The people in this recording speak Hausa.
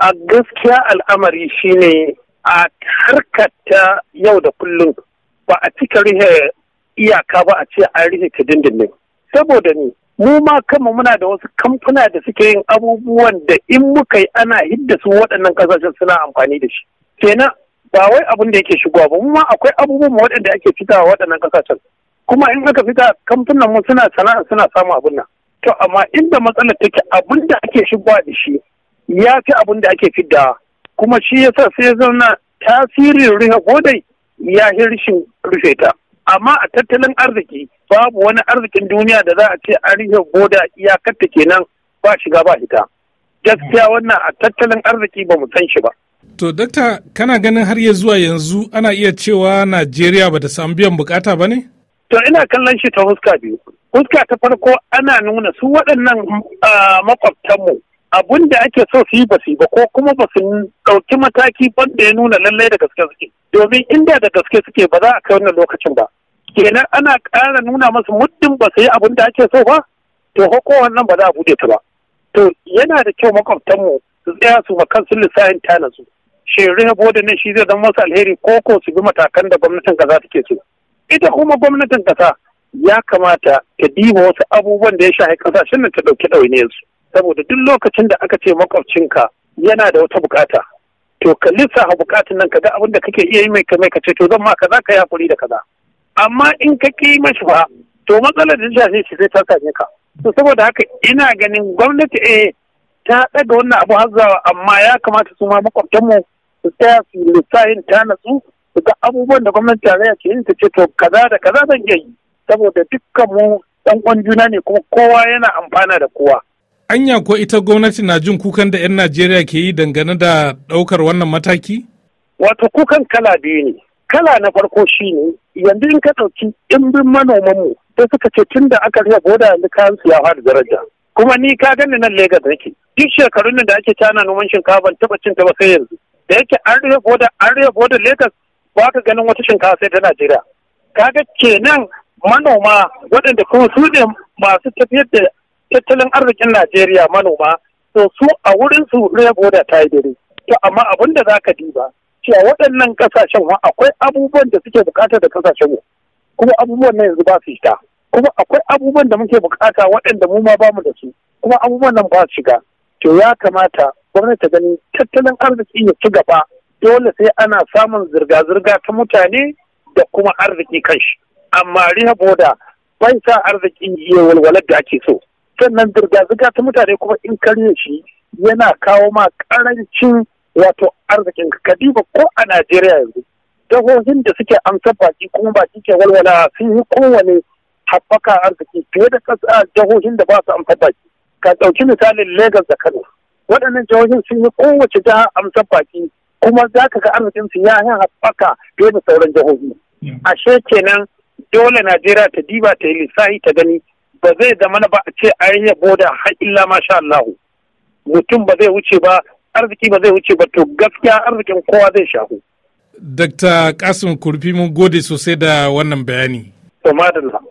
a gaskiya al'amari shine a harkata yau da kullum ba a cika rihe iyaka ba a ce an rihe ta dindindin saboda ni mu ma kanmu muna da wasu kamfuna da suke yin abubuwan da in muka yi ana hidda su waɗannan ƙasashen suna amfani da shi kenan ba wai abin da yake shigowa ba mu ma akwai abubuwan waɗanda ake fitawa waɗannan kasashen. kuma in aka fita kamfunan mu suna sana'a suna samun abin nan to amma inda matsalar take abun da ake shigowa da shi ya fi abin da ake fidda kuma shi ya yasa sai zauna tasirin rufe kodai ya fi rufe ta amma a tattalin arziki babu wani arzikin duniya da za a ce an rufe boda iyakarta kenan ba shiga ba fita gaskiya wannan a tattalin arziki ba mu san shi ba to dakta kana ganin har ya zuwa yanzu ana iya cewa najeriya ba ta samu biyan bukata ba ne to ina kallon shi ta fuska biyu fuska ta farko ana nuna su waɗannan ah, makwabtanmu abun da ake so su yi ba su ba ko kuma ba su ɗauki mataki banda ya nuna lallai da gaske suke domin inda da gaske suke ba za a kai wannan lokacin ba kenan ana ƙara nuna masu muddin ba su yi abun da ake so ba to hukumar nan ba za a bude ta ba to yana da kyau mu su tsaya su ma kansu lissafin tana su shirin rabo da nan shi zai zama masu alheri ko ko su bi matakan da gwamnatin ƙasa take so ita kuma gwamnatin ƙasa ya kamata ta diba wasu abubuwan da ya shafi ƙasashen nan ta ɗauki ɗawainiyarsu. su saboda duk lokacin da aka ce makwabcinka yana da wata bukata to ka lissafa bukatun nan ka ga abin da kake iya yi mai kamai ka ce to zan ma kaza ka yi hakuri da kaza amma in ka ki mashi ba to matsalar da shafe shi sai ta same ka to saboda haka ina ganin gwamnati eh ta ɗaga wannan abu hazawa, amma ya kamata su ma mu su tsaya su lissafin ta natsu su ga abubuwan da gwamnati tarayya ke yin ta ce to kaza da kaza zan iya yi saboda dukkan mu ɗan juna ne kuma kowa yana amfana da kowa Anya ko ita gwamnati na jin kukan da 'yan Najeriya ke yi dangane da ɗaukar wannan mataki? Wato kukan kala biyu ne. Kala na farko shi ne, yanzu in ka ɗauki ɗimbin manomanmu da suka ce tun da aka riya boda yanzu kayan su ya fara daraja. Kuma ni ka gani nan Legas nake. Duk shekarun nan da ake cana noman shinkafa taɓa cin ta ba sai yanzu. Da yake an riya boda an riya boda Legas ba ka ganin wata shinkafa sai ta Najeriya. Kaga kenan manoma waɗanda kuma su ne masu tafiyar da tattalin arzikin Najeriya manoma to su a wurin su boda ta yi dare to amma abin da zaka diba cewa waɗannan kasashen wa akwai abubuwan da suke bukata da kasashen mu kuma abubuwan na yanzu ba su shiga kuma akwai abubuwan da muke bukata waɗanda mu ma bamu da su kuma abubuwan nan ba su shiga to ya kamata gwamnati ta gani tattalin arziki ya ci gaba dole sai ana samun zirga-zirga ta mutane da kuma arziki kanshi amma riha boda bai sa arziki ya walwalar da ake so sannan zirga-zirga ta mutane kuma in karye shi yana kawo ma karancin wato arzikin kadiba ko a najeriya yanzu jihohin da suke amsa baki kuma baki ke walwala sun yi kowane haɓaka arziki fiye da jihohin da ba su amsar baki ka ɗauki misalin Legas da Kano. Waɗannan jihohin sun yi kowace jiha amsa baki kuma za ka ga arzikinsu ya yi haɓaka fiye da sauran jihohi. Hmm. Ashe kenan dole Najeriya ta diba ta yi lissahi ta gani ba zai zama ba a ce a yi da har illa masha Allahu mutum ba zai wuce ba arziki ba zai wuce ba to gaskiya arzikin kowa zai shahu. Dr. Kasim Kurfi mun gode sosai da wannan bayani. Umadala.